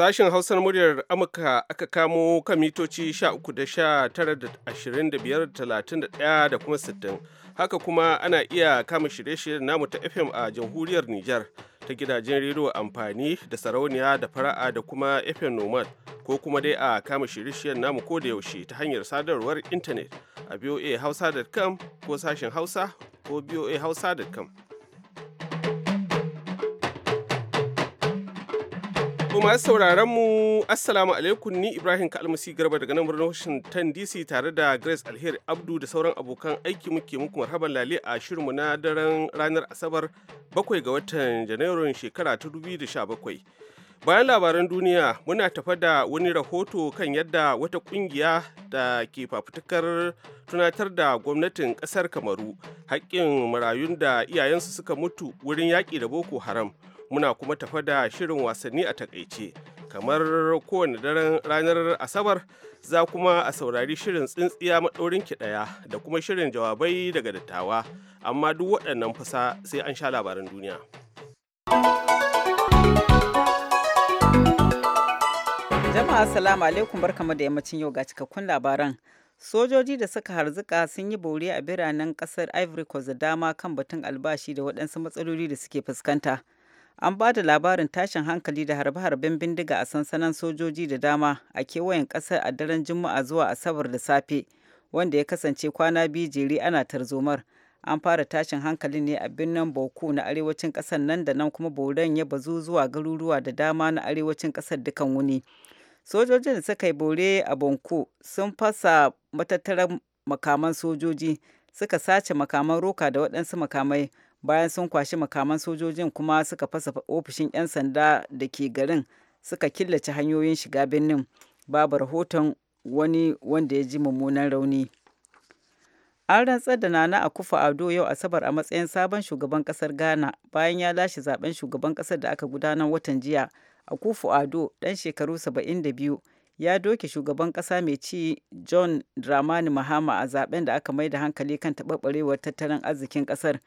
Sashen Hausar muryar Amurka aka kamo kan mitoci 13 da 19 da 25 da da kuma 60. Haka kuma ana iya kama shirye-shiryen namu ta FM a jamhuriyar Nijar ta gidajen rediyo amfani da sarauniya da fara'a da kuma FM Nomad ko kuma dai a kama shirye-shiryen namu ko da yaushe ta hanyar sadarwar intanet a voahausa.com ko sashen hausa ko hausa.com kuma masu sauraron mu Assalamu alaikum ni Ibrahim Kalmasi Garba daga nan birnin Washington DC tare da Grace Alheri Abdu da sauran abokan aiki muke muku marhaban lale a shirinmu na daren ranar Asabar bakwai ga watan Janairun shekara ta 2017. Bayan labaran duniya muna tafa da wani rahoto kan yadda wata kungiya da ke fafutukar tunatar da gwamnatin kasar Kamaru haƙƙin marayun da iyayensu suka mutu wurin yaƙi da Boko Haram. muna kuma tafa da shirin wasanni a takaice kamar kowane daren ranar asabar za kuma a saurari shirin tsintsiya maɗaurin kiɗaya da kuma shirin jawabai daga dattawa amma duk waɗannan fusa sai an sha labaran duniya jama'a salamu alaikum barkamu da yammacin yau ga cikakkun labaran sojoji da suka harzuka sun yi bori a biranen kasar ivory coast da dama kan batun albashi da waɗansu matsaloli da suke fuskanta An ba da labarin tashin hankali da harbe-harben bindiga a sansanin sojoji da dama a kewayen ƙasar a daren Juma'a zuwa Asabar da safe, wanda ya kasance kwana biyu jere ana tarzomar. An fara tashin hankali ne a birnin boko na arewacin ƙasar nan da nan kuma boren ya bazu zuwa garuruwa da dama na arewacin ƙasar dukan wuni. Sojojin da suka yi bore a Bonko sun fasa matattarar makaman sojoji suka sace makaman roka da waɗansu makamai bayan sun kwashi makaman sojojin kuma suka fasa ofishin 'yan sanda da ke garin suka killace hanyoyin shiga birnin babu rahoton wani wanda ya ji mummunan rauni an rantsar da nana a kufa ado yau asabar a matsayin sabon shugaban kasar ghana bayan ya lashe zaben shugaban kasar da aka gudanar watan jiya a akufu ado dan shekaru da biyu ya doke shugaban kasa mai ci john dramani mahama a zaben da aka mai da hankali kan taɓarɓarewar tattalin arzikin kasar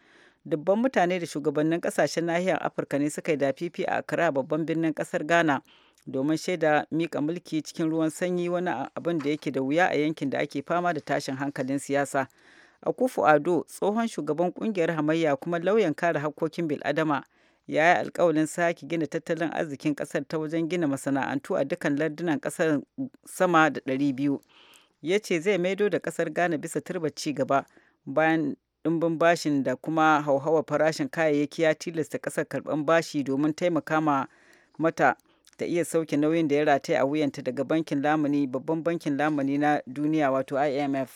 dubban mutane da shugabannin kasashen nahiyar afirka ne suka yi dafifi a kira babban birnin kasar ghana domin shaida mika mulki cikin ruwan sanyi wani abin da yake da wuya a yankin da ake fama da tashin hankalin siyasa a kufu ado tsohon shugaban kungiyar hamayya kuma lauyan kare hakkokin bil'adama ya yi alkawalin sake gina tattalin arzikin kasar ta wajen gina masana'antu a dukkan lardunan kasar sama da 200 ya ce zai maido da kasar ghana bisa turba ci gaba bayan ɗimbin bashin da kuma hauhawa farashin kayayyaki ya tilasta ƙasar karɓar bashi domin taimaka mata ta iya sauke nauyin da ya rataya a wuyanta daga bankin lamuni babban bankin lamuni na duniya wato imf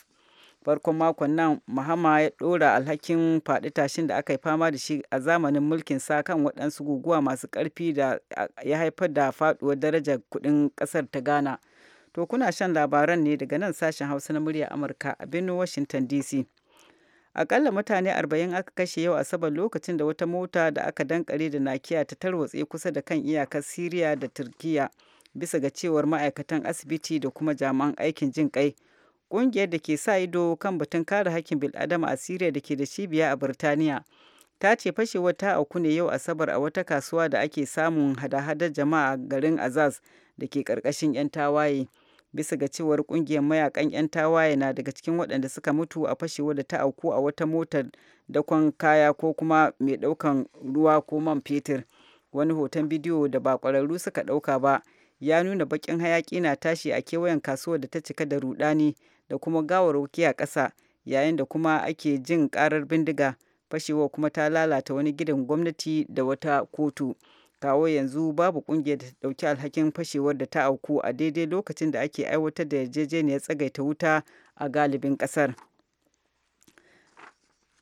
farkon makon nan mahama ya ɗora alhakin faɗi tashin da aka yi fama da shi a zamanin mulkin sa kan waɗansu guguwa masu ƙarfi da ya haifar da faɗuwar darajar kuɗin ƙasar ta ghana to kuna shan labaran ne daga nan sashen hausa na murya amurka a birnin washington dc akalla mutane 40 aka kashe yau asabar lokacin da wata mota da aka dankare da nakiya ta tarwatse kusa da kan iyakar siriya da turkiya bisa ga cewar ma'aikatan asibiti da kuma jami'an aikin jin kai ƙungiyar da ke sa ido kan batun kare hakkin bil'adama a siriya da ke da cibiya a birtaniya ta ce fashewar ta auku ne yau asabar a wata kasuwa da ake samun hada-hadar jama'a garin azaz da ke karkashin 'yan tawaye bisa ga cewar kungiyar mayakan 'yan tawaye na daga cikin waɗanda suka mutu a fashewa da ta auku a wata motar dakon kaya ko kuma mai ɗaukan ruwa ko man fetur wani hoton bidiyo da ba ƙwararru suka ɗauka ba ya nuna baƙin hayaƙi na tashi a kewayen kasuwar da ta cika da rudani da kuma gawarwaki a ƙasa yayin da kuma ake jin ƙarar bindiga fashewa kuma ta lalata wani gidan gwamnati da wata kotu. kawo yanzu babu kungiyar da ta dauki alhakin fashewar da ta auku a daidai lokacin da ake aiwatar da yarjejeniyar tsagaita wuta a galibin kasar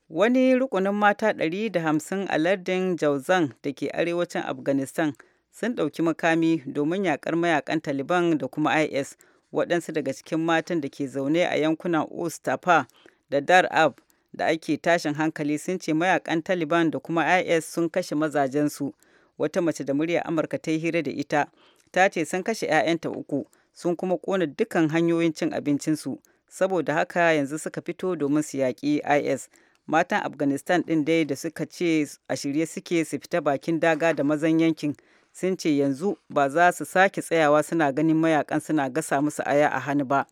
wani rukunin mata da hamsin a lardin jauzan da ke arewacin afghanistan sun ɗauki makami domin yakar mayakan taliban da kuma is waɗansu daga cikin matan da ke zaune a yankunan ostapa da dar ab da ake tashin hankali sun ce mayakan taliban da kuma is sun kashe mazajensu wata mace da murya amurka ta yi hira da ita ta ce sun kashe 'ya'yanta uku sun kuma kona dukkan hanyoyin cin abincinsu saboda haka yanzu suka fito domin su yaƙi is matan afghanistan ɗin dai da suka ce a shirye suke su fita bakin daga da mazan yankin sun ce yanzu ba za su sake tsayawa suna ganin mayakan suna gasa musu aya a hannu ba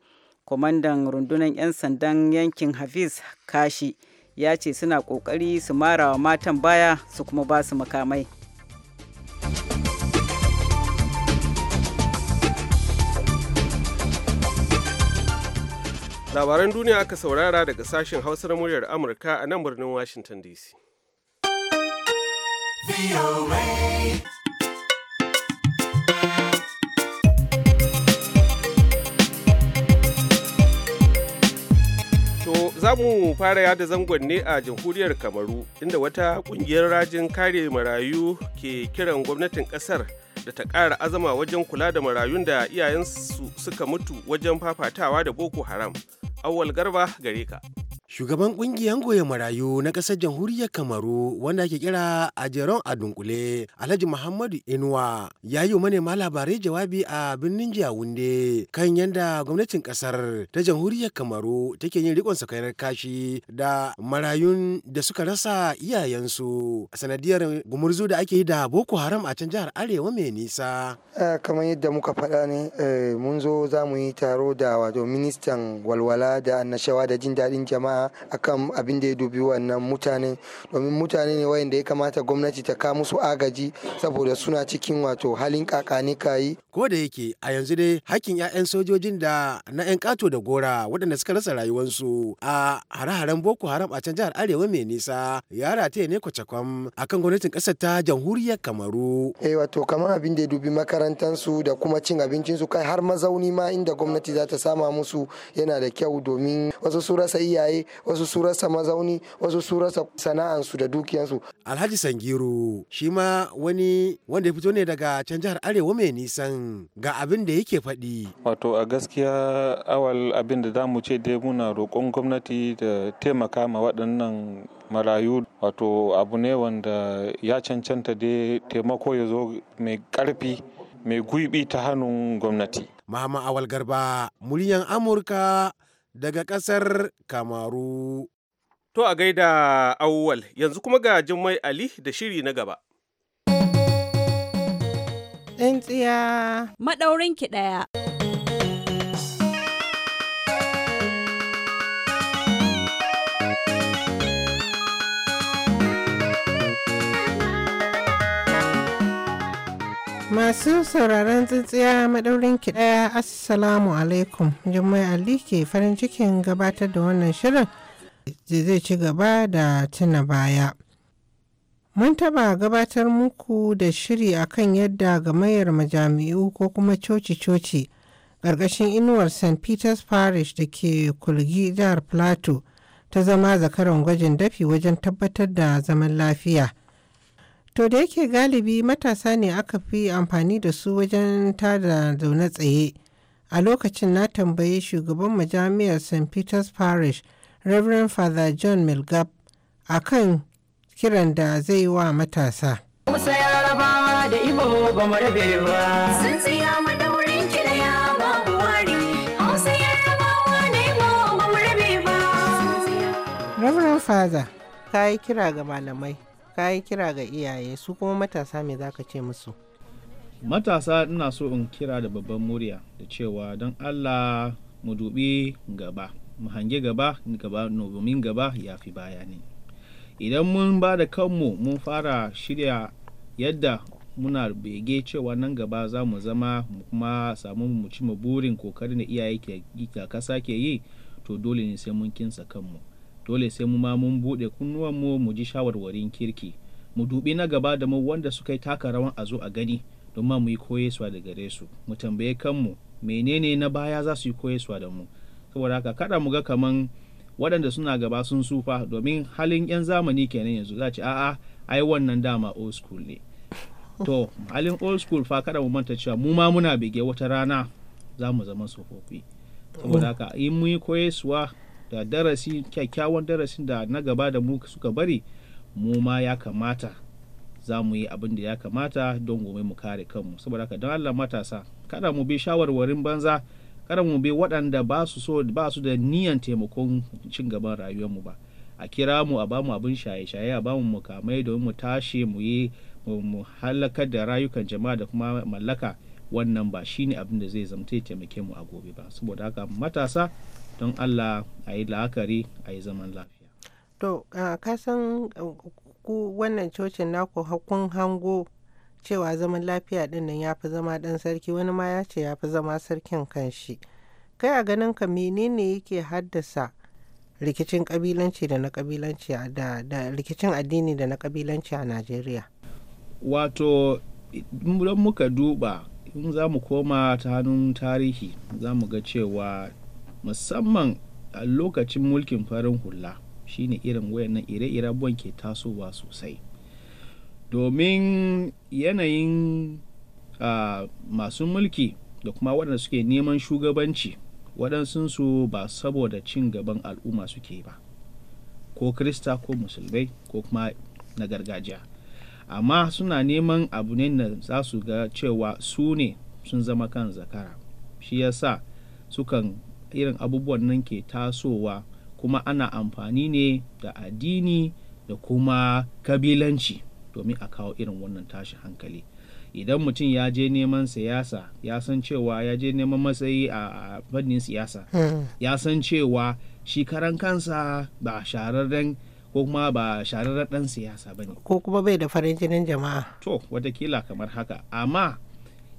kwamandan rundunar 'yan sandan yankin hafiz kashi ya ce suna ƙoƙari su mara wa matan baya su kuma ba su makamai labaran duniya aka saurara daga sashen hausa na muryar amurka a nan birnin washington dc Za mu fara yada zangon ne a jamhuriyar Kamaru inda wata kungiyar rajin kare marayu ke kiran gwamnatin kasar da ta ƙara azama wajen kula da marayun da iyayensu suka mutu wajen fafatawa da Boko Haram. Awwal Garba gare ka. Shugaban kungiyar goyon marayu na ƙasar jamhuriyar Kamaru wanda ake kira a jeron a dunkule Alhaji Muhammadu Inuwa ya yi manema labarai jawabi a birnin Jiyawunde kan yadda gwamnatin ƙasar ta jamhuriyar Kamaru take yin rikon sakayar kashi da marayun da suka rasa iyayensu a sanadiyar gumurzu da ake yi da Boko Haram a can jihar Arewa mai nisa. Eh, kamar yadda muka faɗa ne eh, mun zo za mu yi taro da wato ministan walwala da annashawa da jin daɗin jama'a akan abin da ya dubi wannan mutane domin mutane ne wayanda ya kamata gwamnati ta ka musu agaji saboda suna cikin wato halin kakani kayi ko da yake a yanzu dai hakkin 'ya'yan sojojin da na 'yan kato da gora waɗanda suka rasa rayuwarsu a hare-haren boko haram a can jihar arewa mai nisa ya rataye ne kwacakwam akan gwamnatin ƙasar ta jamhuriyar kamaru eh wato kamar abin da ya dubi makarantansu da kuma cin abincin su kai har mazauni ma inda gwamnati za ta sama musu yana da kyau domin wasu su rasa iyaye wasu surarsa mazauni wasu surarsa sana'ansu da dukiyansu alhaji sangiru shi ma wani wanda ya fito ne daga can jihar arewa mai nisan ga abin da yake faɗi wato a gaskiya awal abin da za ce dai muna roƙon gwamnati da taimaka ma waɗannan marayu wato abu ne wanda ya cancanta da taimako ya zo mai ƙarfi mai gwiɓi ta hannun gwamnati. Mama Awal Garba, muryan Amurka daga ƙasar Kamaru. To a gaida auwal yanzu kuma ga Jummai Ali da shiri na gaba. Tsintsiya maɗaurinki ɗaya. Masu sauraron tsintsiya madaurin daya Assalamu alaikum Jummai Ali ke farin cikin gabatar da wannan shirin zai ci gaba da tuna baya. Mun taba gabatar muku da shiri akan yadda gamayyar majami'u ko kuma coci-coci ƙarƙashin inuwar St. Peter's Parish da ke kulgi jihar Plateau ta zama zakaran gwajin dafi wajen tabbatar da zaman lafiya. To da yake galibi matasa ne aka fi amfani da su wajen tada zaune tsaye. A lokacin na tambayi shugaban majami'ar St. Peter's Parish, Reverend Father John Milgab, a kan kiran da zai wa matasa. Reverend Father, ka yi kira ga malamai. ka yi kira ga iyaye su kuma matasa me za ka ce musu matasa ina so in kira da babban murya da cewa don allah mu dubi gaba mu hange gaba gaba domin gaba ya fi baya ne idan mun ba da kanmu mun fara shirya yadda muna bege cewa nan gaba za mu zama mu kuma samu mu mu burin kokarin da iyaye ke kasa ke yi to dole ne sai mun kinsa kanmu dole sai mu ma mun buɗe kunnuwan mu ji shawarwarin kirki mu dubi na gaba da mu wanda suka yi taka rawan a zo a gani don ma mu yi koyesuwa da gare su mu tambaye kanmu menene na baya za su yi koyesuwa da mu saboda haka kada mu ga kaman waɗanda suna gaba sun sufa domin halin 'yan zamani kenan yanzu za ce a'a ai wannan dama old school ne to halin old school fa kada mu manta cewa mu ma muna bege wata rana za mu zama tsofaffi saboda haka in mu yi koyesuwa. da darasi kyakkyawan darasin da na gaba da mu suka bari mu ma ya kamata za mu yi abin da ya kamata don gobe mu kare kanmu saboda haka don Allah matasa kada mu bi shawarwarin banza kada mu bi waɗanda ba su so ba su da niyan taimakon cin gaban mu ba a kira mu a bamu abin shaye-shaye a bamu mukamai domin mu tashi mu yi mu halakar da rayukan jama'a da kuma mallaka wannan ba shine abin da zai zamta taimake mu a gobe ba saboda haka matasa don allah a yi la'akari a yi zaman lafiya to ka san ku wannan cocin naku hakun hango cewa zaman lafiya din nan ya fi zama dan sarki wani ma ya ce ya fi zama sarkin kanshi kai a ganin ka menene yake haddasa rikicin kabilanci da na kabilanci da rikicin addini da na kabilanci a najeriya wato don muka duba in za mu koma ta hannun tarihi za mu ga cewa musamman a lokacin mulkin farin hula shine irin wayannan ire-ire abubuwan ke tasowa sosai domin yanayin masu mulki da kuma waɗanda suke neman shugabanci waɗansunsu ba saboda cin gaban al'umma suke ba ko krista ko musulmai ko kuma na gargajiya amma suna neman abu ne da za su ga cewa su ne sun zama kan zakara shi yasa sukan irin abubuwan nan ke tasowa kuma ana amfani ne da addini da kuma kabilanci domin a kawo irin wannan tashin hankali idan mutum ya je neman siyasa ya san cewa ya je neman matsayi a fannin siyasa hmm. ya san cewa shi karan kansa ba shararren ko kuma ba shararren dan siyasa ba ne ko kuma bai da farin jinin jama'a to watakila kamar haka amma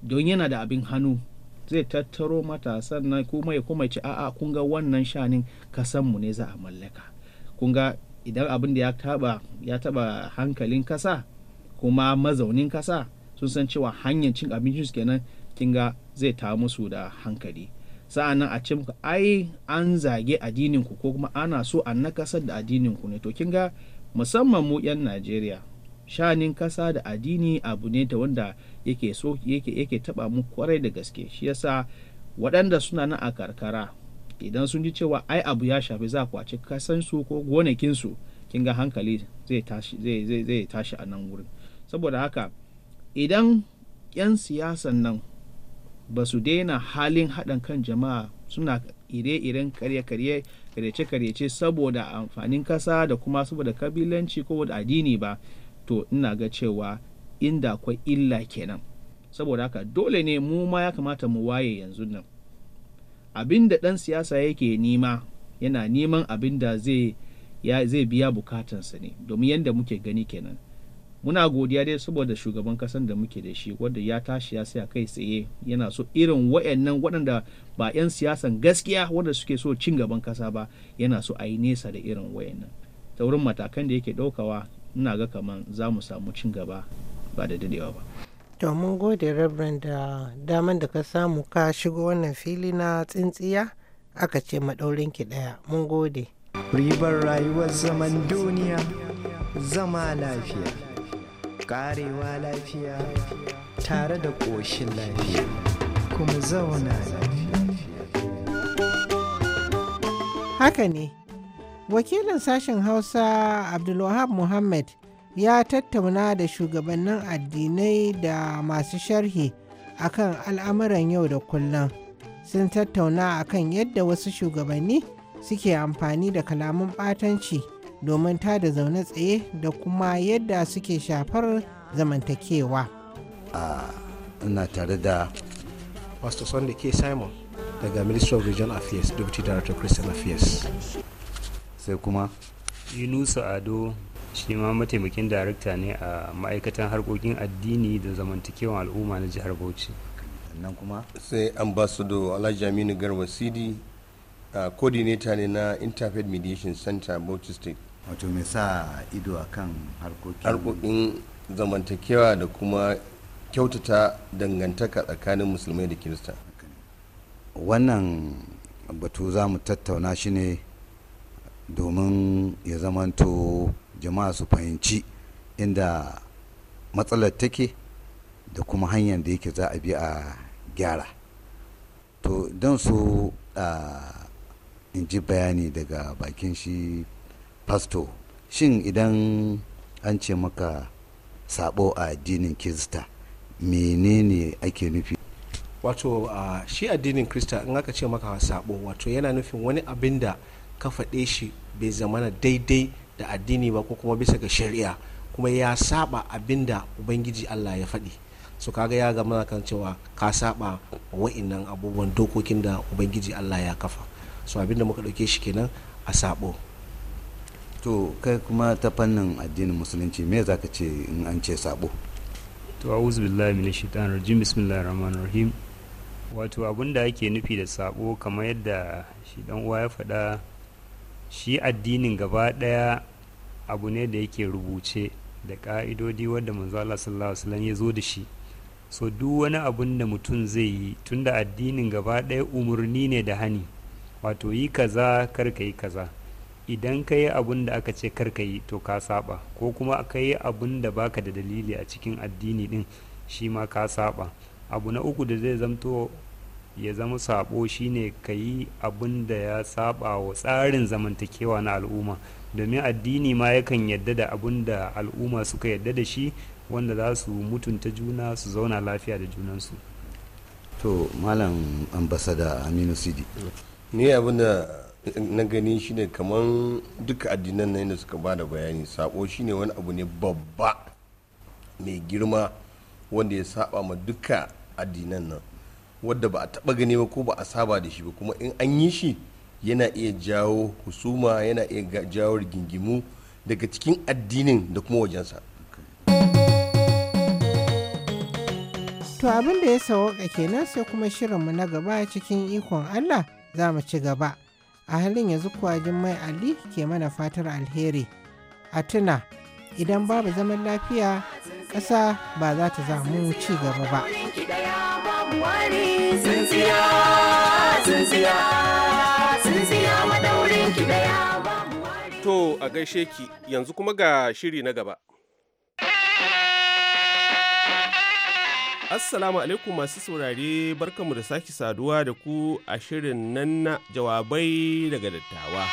don yana da abin hannu zai tattaro matasan sannan kuma ya kuma ci a'a kun ga wannan shanin kasan mu ne za a mallaka kun ga idan abin da ya taba ya taba hankalin kasa kuma mazaunin kasa sun san cewa hanyar cin abinci su kenan kin ga zai ta musu da hankali nan a ce muku ai an zage addinin ku ko kuma ana so a nakasar da addinin ku ne to kin ga musamman mu yan Najeriya shanin kasa da addini abu ne ta wanda yake so yake yake taba mu kwarai da gaske shi yasa waɗanda suna na a karkara idan sun ji cewa ai abu ya shafi za ku kasan su ko gonakin su kin ga hankali zai tashi zai zai zai tashi a nan wurin saboda haka idan 'yan siyasan nan ba su daina halin haɗin kan jama'a suna ire-iren karye-karye karyace-karyace saboda amfanin ƙasa da kuma saboda kabilanci ko da addini ba to ina ga cewa inda akwai illa kenan saboda haka dole ne mu ma ya kamata mu waye yanzu nan abin da ɗan siyasa yake nima yana neman abin da zai zai biya bukatansa ne domin yadda muke gani kenan muna godiya dai saboda shugaban kasan da muke da shi wanda ya tashi ya saya kai tsaye yana so irin wayannan waɗanda ba 'yan siyasan gaskiya wanda suke so cin gaban kasa ba yana so a yi nesa da irin wayannan ta wurin matakan da yake ɗaukawa ina ga kaman za mu samu cin gaba ba da dadewa ba to mun gode reverend da daman da ka samu ka shigo wannan fili na tsintsiya aka ce maɗaurin ki ɗaya mun gode ribar rayuwar zaman duniya zama lafiya karewa lafiya tare da ƙoshin lafiya kuma zauna lafiya haka ne wakilin sashen hausa abdulwahab muhammad ya tattauna da shugabannin addinai da masu sharhi akan al'amuran yau da kullum sun tattauna akan yadda wasu shugabanni suke amfani da kalaman ɓatanci domin tada zaune tsaye da kuma yadda suke shafar zamantakewa. ina tare da pastor sunday k simon daga ministry of regional affairs deputy director christian affairs sai kuma yunusa ado shi ma mataimakin darakta ne a ma'aikatan harkokin addini da zamantakewan al'umma na jihar bauchi nan kuma sai ambassador alhaji aminu garba CD coordinator ne na interfaith mediation center bauchi state wato mai sa ido a kan harkokin zamantakewa da kuma kyautata dangantaka tsakanin musulmai da kirista wannan batu za mu tattauna shi ne domin ya zamanto jama'a su fahimci inda matsalar take da kuma hanyar da yake za a bi a gyara to don su in ji bayani daga bakin shi pasto shin idan an ce maka sabo a addinin kirista menene ake nufi wato shi addinin kirista in aka ce maka sabo wato yana nufin wani abin da ka faɗe shi bai zamana daidai da addini ba ko kuma bisa ga shari'a kuma ya saba abinda ubangiji Allah ya faɗi su kaga ya gama kan cewa ka saba wa'innan abubuwan dokokin da ubangiji Allah ya kafa so abinda muka ɗauke shi kenan a sabo to kai kuma ta fannin addinin musulunci me za ka ce in an ce sabo to a'udhu billahi minash shaitanir rajim bismillahir rahmanir rahim wato abinda da ake nufi da sabo kamar yadda shi dan uwa ya faɗa shi addinin gaba ɗaya abu ne da yake rubuce da ƙa'idodi wadda manzo Allah sallallahu alaihi wasallam ya zo da shi so duk wani abun da mutum zai yi tunda addinin gaba ɗaya umarni ne da hani wato yi kaza kar ka yi kaza idan ka yi abun da aka ce kar ka yi to ka saba ko kuma ka yi abun da baka da dalili a cikin addini din shi ma ka saba abu na uku da zai zamto ya zama sabo shine ka yi abin da ya saba wa tsarin zamantakewa na al'umma domin addini ma yakan yadda da abin da al'umma suka yadda da shi wanda za su mutunta juna su zauna lafiya da junansu to malam ambasada aminu sidi ni abin da na gani shine kamar duka addinan nan da suka bada bayani sabo shine wani abu ne babba mai girma wanda ya saba ma duka addinan nan wadda ba a taba gani ba ko ba a saba da shi ba kuma in an yi shi yana iya jawo husuma yana iya jawo rigingimu daga cikin addinin da kuma wajensa to abin da ya sawaka kenan sai kuma shirinmu na gaba cikin ikon allah za mu ci gaba a halin yanzu kuwa mai ali ke mana fatar alheri a tuna idan babu zaman lafiya ƙasa ba za ta zamu ci gaba ba. tsintsiya ki to a gaishe ki yanzu kuma ga shiri na gaba Assalamu alaikum masu saurare barkanmu da sake saduwa da ku a shirin nan na jawabai daga dattawa.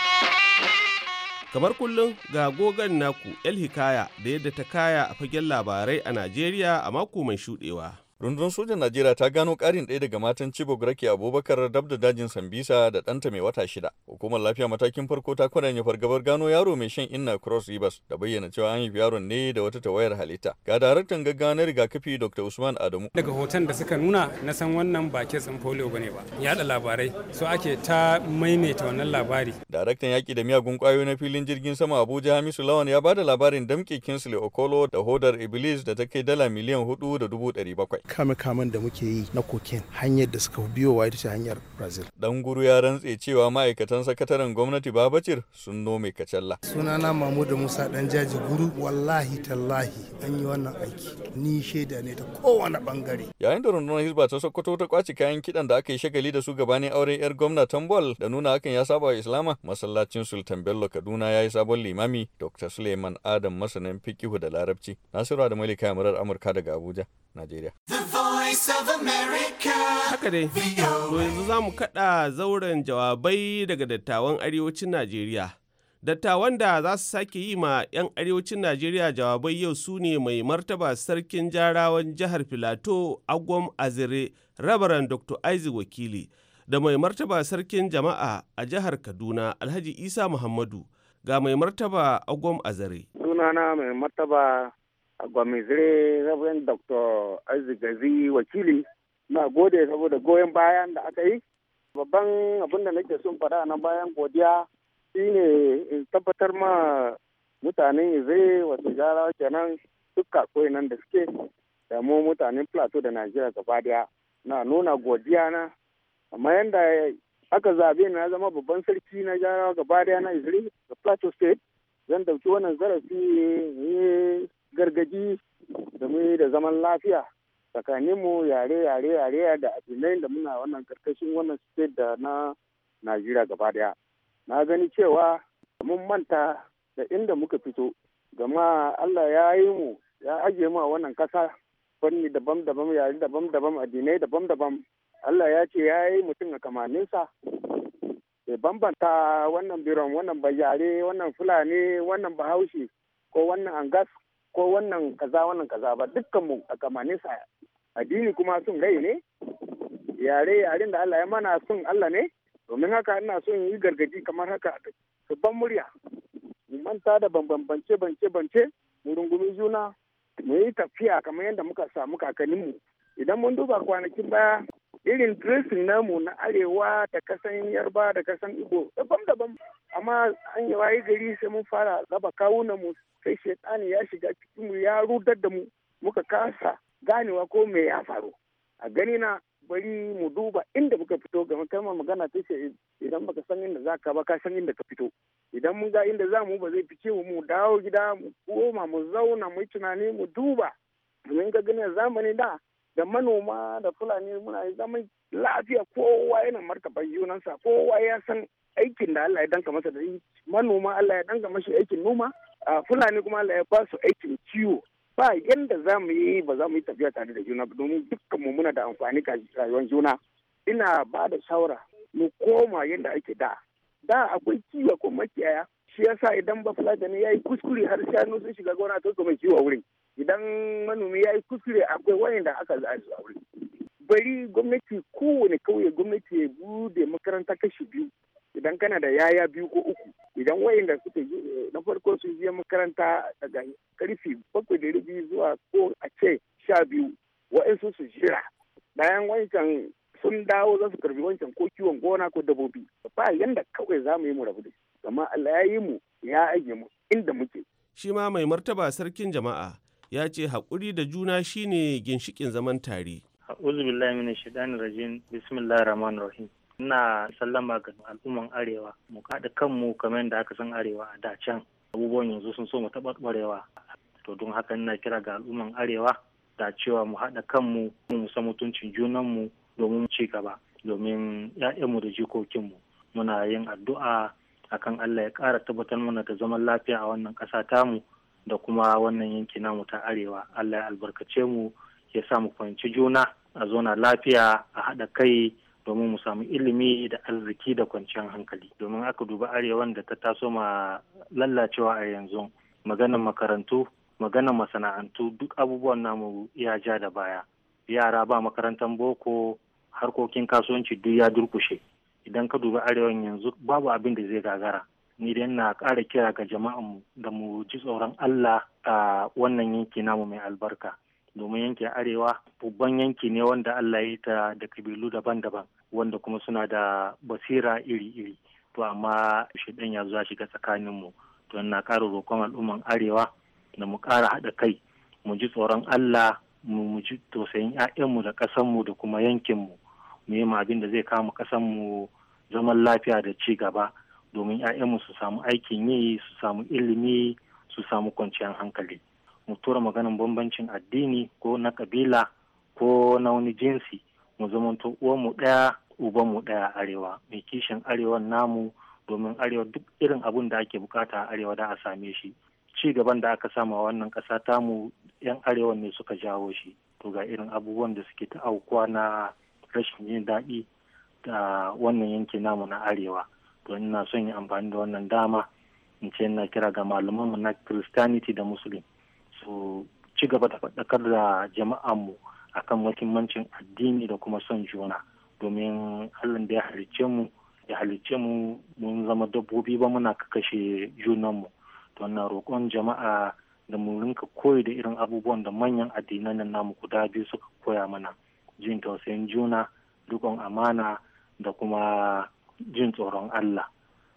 Kamar kullum ga gogon naku El Hikaya da yadda ta kaya a fagen labarai a Najeriya a mako mai shuɗewa. rundunar sojan najeriya ta gano karin ɗaya daga matan chibok rake abubakar dab da dajin sambisa da ɗanta mai wata shida hukumar lafiya matakin farko ta kwadanya fargabar gano yaro mai shan inna cross rivers da bayyana cewa an haifi yaron ne da wata tawayar halitta ga daraktan gaggawa na rigakafi dr usman adamu daga hoton da suka nuna na san wannan ba kitsin polio ne ba yaɗa labarai so ake ta maimaita wannan labari daraktan yaki da miyagun kwayoyi na filin jirgin sama abuja hamisu lawan ya ba da labarin damke kinsley okolo da hodar iblis da ta kai dala miliyan hudu da dubu ɗari bakwai kame-kamen da muke yi na koken hanyar da suka biyo wa ita ce hanyar brazil dan guru ya rantse cewa ma'aikatan sakataren gwamnati babacir sun nome kacalla sunana mahmudu musa dan jaji guru wallahi tallahi an yi wannan aiki ni shaida ne ta kowane bangare yayin da rundunar hisba ta sokoto ta kwaci kayan kidan da aka yi shagali da su gabanin auren yar gwamna tambol da nuna hakan ya saba wa islama masallacin sultan bello kaduna ya yi sabon limami dr suleiman adam masanin fikihu da larabci nasiru da malika murar amurka daga abuja najeriya Haka dai, yanzu za mu kaɗa zauren jawabai daga dattawan arewacin Najeriya. Dattawan da za su sake yi ma 'yan arewacin Najeriya jawabai yau su ne mai martaba sarkin jarawan jihar Filato Agwam Azire, Rabaran Dr. Isaac Wakili, da mai martaba sarkin jama'a a jihar Kaduna Alhaji Isa Muhammadu, ga mai martaba Agwam Azare. Sunana mai martaba gwamizire rabin dr azigazi wakili na gode saboda goyon bayan da aka yi babban abin da nake son faɗa na bayan godiya shine tabbatar ma mutanen izire wasu jara kenan dukka koyi nan da suke da mu mutanen plateau da najeriya gaba daya na nuna godiya na amma yanda aka zabe na zama babban sarki na jarawa gaba daya na izire da plateau state zan dauki wannan zarafi eh, gargaji da mu da zaman lafiya tsakaninmu yare yare yare da addinai da muna wannan karkashin wannan state da na najeriya gaba daya na gani cewa mun manta da inda muka fito gama allah ya yi mu ya ajiye mu a wannan kasa fanni daban-daban yare daban-daban addinai daban-daban allah ya ce ya yi mutum a kamaninsa bai bambanta wannan biron wannan bayare wannan fulani wannan bahaushe ko wannan angas ko wannan kaza wannan kaza ba dukkan a kamanin sa addini kuma sun rai ne yare yaren da Allah ya mana sun Allah ne domin haka ina son yi gargadi kamar haka babban murya mu manta da bambance bance bance mu rungumi juna mu yi tafiya kamar yadda muka samu kakanninmu idan mun duba kwanakin baya irin dressing namu na arewa da kasan yarba da kasan igbo daban-daban amma an yi waye gari sai mun fara raba kawunan mu sai shaitani ya shiga cikin mu ya rudar da mu muka kasa ganewa ko me ya faru a gani na bari mu duba inda muka fito ga kalmar magana ta ce idan baka san inda za ka ba ka san inda ka fito idan mun ga inda za mu ba zai fice mu dawo gida mu koma mu zauna mu tunani mu duba domin ga ganin zamani da da manoma da fulani muna yi zaman lafiya kowa yana martaban junansa kowa ya san aikin da Allah ya danka masa da yi manoma Allah ya danka mashi aikin noma A fulani kuma Allah ya ba aikin ciwo. ba yanda za mu yi ba za mu yi tafiya tare da juna domin dukkan mu muna da amfani ga rayuwar juna ina ba da shawara mu koma yanda ake da da akwai kiwo ko makiyaya shi yasa idan ba fulani ya yi kuskure har shanu sun shiga gona to kuma a wurin idan manomi ya yi kuskure akwai wayanda aka za a wuri bari gwamnati kowane kauye gwamnati ya bude makaranta kashi biyu idan kana da yaya biyu ko uku idan da suka eh, na farko su je makaranta daga karfi bakwai da rubi zuwa ko a ce sha biyu wa'insu su jira bayan wancan sun dawo za su karbi wancan ko kiwon gona ko dabobi ba yanda kawai za mu yi mu rabu da shi amma Allah ya yi mu ya aje mu inda muke shi ma mai martaba sarkin jama'a ya ce haƙuri da juna shine ginshikin zaman tare. A'udhu billahi minash shaitanir rajim. rahim. Ina sallama ga al'umman Arewa mu kaɗa kanmu kamar da aka san Arewa a da Abubuwan yanzu sun so mu ɓarewa. To don haka ina kira ga al'umman Arewa da cewa mu haɗa kanmu mu san mutuncin junanmu domin ci gaba domin 'ya'yanmu da jikokinmu. Muna yin addu'a akan Allah ya ƙara tabbatar mana da zaman lafiya a wannan ƙasa tamu. da kuma wannan yanki namu ta arewa allah ya albarkace mu ya sa mu kwanci juna a zona lafiya a haɗa kai domin mu samu ilimi da arziki da kwanciyar hankali domin aka duba arewan da ta taso ma lallacewa a yanzu maganan makarantu maganan masana'antu duk abubuwan namu ya ja da baya yara ba makarantar boko harkokin kasuwanci duk ya durkushe idan ka duba arewan yanzu babu abin da zai gagara ni dai na ƙara kira ga jama'an mu da mu ji tsoron Allah a wannan yanki namu mai albarka domin yankin arewa babban yanki ne wanda Allah ya ta da kabilu daban-daban wanda kuma suna da basira iri-iri to amma shidan ya zuwa shiga tsakaninmu to na ƙara roƙon al'umman arewa da mu ƙara haɗa kai mu ji tsoron Allah mu ji tausayin 'ya'yanmu da ƙasanmu da kuma yankinmu mu yi abin da zai kama ƙasanmu zaman lafiya da ci gaba domin 'ya'yanmu su samu aikin yi su samu ilimi su samu kwanciyar hankali mu tura maganin bambancin addini ko na kabila ko na wani jinsi mu zamanto uwanmu ɗaya mu ɗaya arewa mai kishin arewa namu domin arewa duk irin abin da ake bukata a arewa da a same shi ci gaban da aka sama wannan ƙasa tamu 'yan arewa ne suka jawo shi to ga irin abubuwan da suke ta aukuwa na rashin yin daɗi da wannan yanki namu na arewa to ina son yi amfani da wannan dama in ce na kira ga malamanmu na christianity da muslim su ci gaba da faɗakar da jama'anmu kan muhimmancin addini da kuma son juna domin allah da ya halicce mu ya halicce mu mun zama dabbobi ba muna kakashe junanmu to na roƙon jama'a da mu rinka koyi da irin abubuwan da manyan addinan nan namu guda biyu suka koya mana jin tausayin juna rikon amana da kuma jin tsoron Allah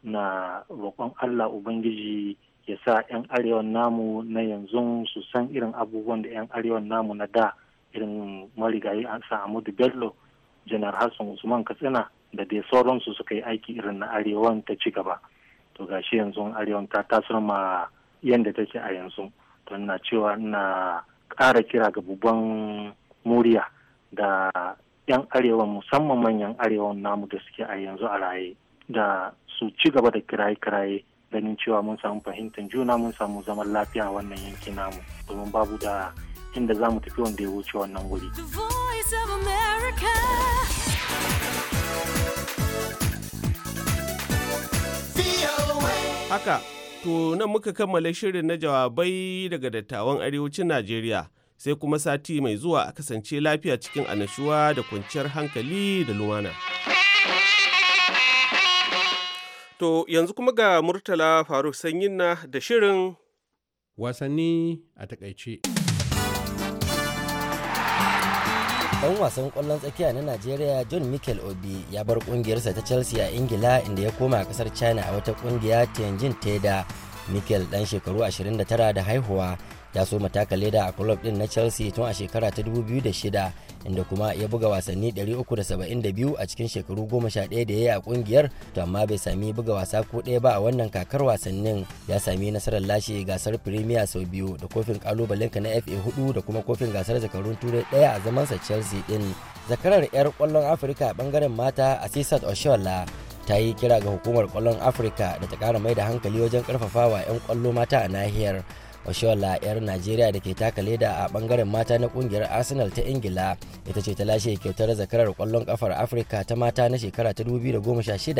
na roƙon Allah Ubangiji ya sa 'yan arewan namu na yanzu su san irin abubuwan da 'yan arewan namu na da irin marigayi a Sa'amudu Bello, Janar Hassan Usman Katsina da dai sauransu suka yi aiki irin na arewan ta ci gaba. To gashi yanzu arewan ta tasar ma yadda take a yanzu. To na cewa na ƙara kira ga buban muriya da 'yan arewa musamman manyan arewan namu da suke a yanzu a raye da su ci gaba da kiraye-kiraye ganin cewa mun samu fahimtar juna mun samu zaman lafiya wannan yanki namu domin babu da inda za mu tafi wanda ya wuce wannan wuri. Haka, to nan muka kammala shirin na jawabai daga dattawan arewacin Najeriya. sai kuma sati mai zuwa a kasance lafiya cikin anashuwa da kwanciyar hankali da lumana. To yanzu kuma ga Murtala Faruk Sanyin na da shirin wasanni a takaice. ɗan wasan ƙwallon tsakiya na Najeriya John Mikel Obi ya bar ƙungiyarsa ta Chelsea a Ingila inda ya koma a ƙasar China a wata ƙungiya Tianjin Teda. Mikel ɗan shekaru 29 da haihuwa ya so mataka leda a club din na chelsea tun a shekara ta 2006 inda kuma ya buga wasanni 372 a cikin shekaru 11 da ya yi a kungiyar to amma bai sami buga wasa ko ɗaya ba a wannan kakar wasannin ya sami nasarar lashe gasar premier sau biyu da kofin kalubalenka na fa 4 da kuma kofin gasar zakarun turai ɗaya a zaman sa chelsea din zakarar 'yar kwallon afirka bangaren mata a sisat oshola ta yi kira ga hukumar kwallon afirka da ta kara mai da hankali wajen karfafawa 'yan kwallo mata a nahiyar Oshola 'yar Najeriya da ke taka leda a bangaren mata na kungiyar Arsenal ta Ingila ita ce ta lashe kyautar zakarar kwallon kafar Afrika ta mata na shekara ta 2016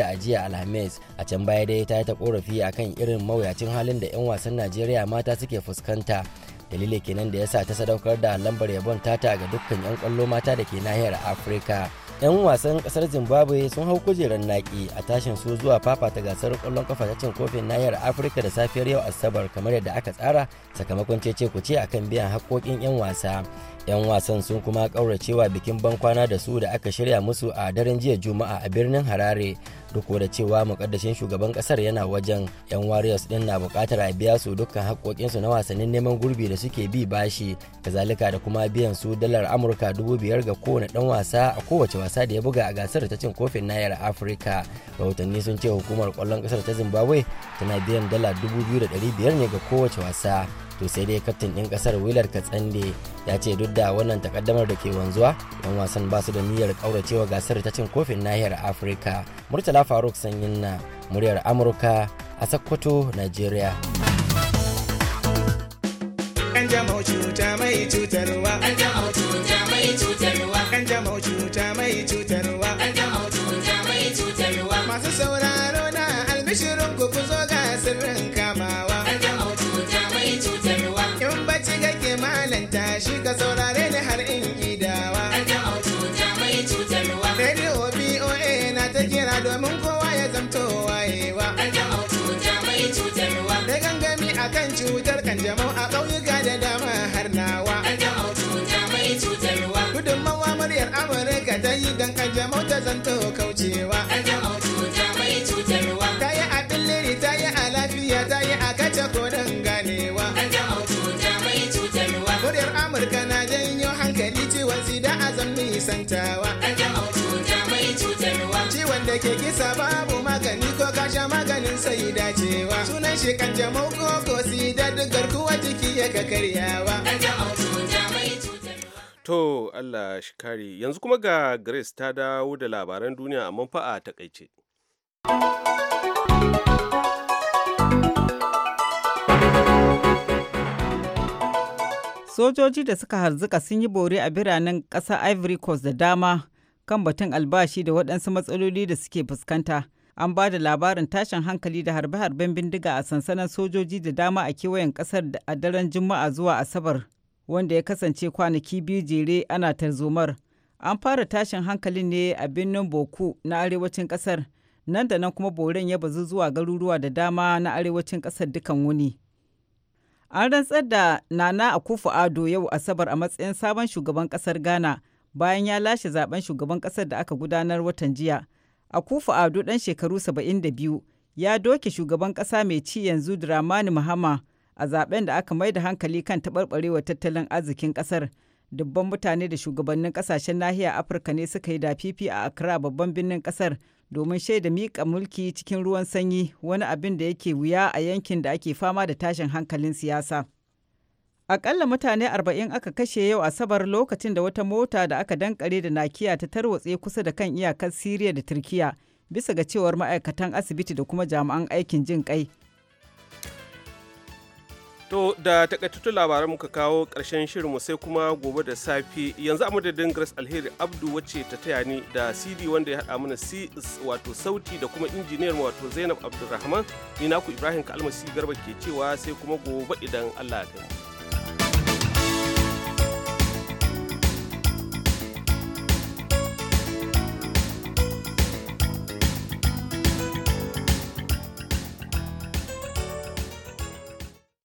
a jiya Alhamis. A can baya dai ta yi ta korafi akan irin mawuyacin halin da 'yan wasan Najeriya mata suke fuskanta. dalili kenan da ya sa ta sadaukar da lambar yabon tata ga dukkan 'yan kwallo mata da ke nahiyar Afrika. 'yan wasan kasar zimbabwe sun hau kujerar naki a tashin su zuwa fafata gasar kwallon kafa ta cin kofin nahiyar afirka da safiyar yau asabar kamar yadda aka tsara sakamakon cece kuce akan biyan hakkokin 'yan wasa 'yan wasan sun kuma ƙauracewa bikin bankwana da su da aka shirya musu a daren jiya juma'a a birnin harare duk da cewa mukaddashin shugaban kasar yana wajen 'yan warriors din na bukatar a biya su dukkan hakkokinsu na wasannin neman gurbi da suke bi bashi kazalika da kuma biyan su dalar amurka dubu biyar ga kowane dan wasa a kowace wasa da ya buga a gasar ta cin kofin nayar afirka rahotanni sun ce hukumar kwallon kasar ta zimbabwe tana biyan dala 2,500 ne ga kowace wasa to sai dai kaftin ɗin kasar wilar katsande ya ce duk da wannan takaddamar da ke wanzuwa yan wasan ba su da niyyar kauracewa gasar ta cin kofin nahiyar afirka murtala faruk sanyin na muryar amurka a sakkwato nigeria cuta mai cutarwa. cuta cuta amurka ta yi don ta zanto kaucewa kanjamau cuta mai cutarwa a a lafiya Tayi a kace koren ganewa kanjamau cuta mai cutarwa amurka na janyo hankali ciwon sida a cuta mai cutarwa ciwon da ke kisa babu magani ko kasha maganin sai dacewa sunan shi kanjamau ko ko da duk garkuwa jiki ya ka karyawa kanjamau cuta mai cutarwa To Allah shi kare yanzu kuma ga Grace ta dawo da labaran duniya a manfa'a ta kaice. Sojoji da suka harzuka sun yi bore a biranen ƙasar Ivory Coast da dama kan batun albashi da waɗansu matsaloli da suke fuskanta. An ba da labarin tashin hankali da harbe-harben bindiga a sansanin sojoji da dama a kewayen ƙasar a daren Juma'a zuwa Asabar wanda ya kasance kwanaki biyu jere ana tarzomar. An fara tashin hankalin ne a birnin Boku na arewacin kasar nan da nan kuma boren ya bazu zuwa garuruwa da dama na arewacin kasar dukan wuni. An rantsar da Nana akufu Ado yau Asabar a matsayin sabon shugaban kasar Ghana bayan ya lashe zaben shugaban kasar da aka gudanar watan jiya. Akufo Ado dan shekaru saba'in da biyu ya doke shugaban kasa mai ci yanzu Dramani muhammad. a zaben da aka mai da hankali kan taɓarɓarewar tattalin arzikin ƙasar dubban mutane da shugabannin ƙasashen nahiyar afirka ne suka yi dafifi a accra babban birnin ƙasar domin shaida miƙa mulki cikin ruwan sanyi wani abin da yake wuya a yankin da ake fama da tashin hankalin siyasa Akalla mutane arba'in aka kashe yau Asabar lokacin da wata mota da aka dankare da nakiya ta tarwatse kusa da kan iyakar Siriya da Turkiya bisa ga cewar ma'aikatan asibiti da kuma jami'an aikin jin kai. To da takaitattun labaran muka kawo ƙarshen mu sai kuma gobe da safe yanzu a madadin Grace Alheri Abdu wace ta taya ni da CD wanda ya haɗa mana wato sauti da kuma injiniyar wato Zainab Abdulrahman ni naku Ibrahim Kalmasi Garba ke cewa sai kuma gobe idan Allah ya kai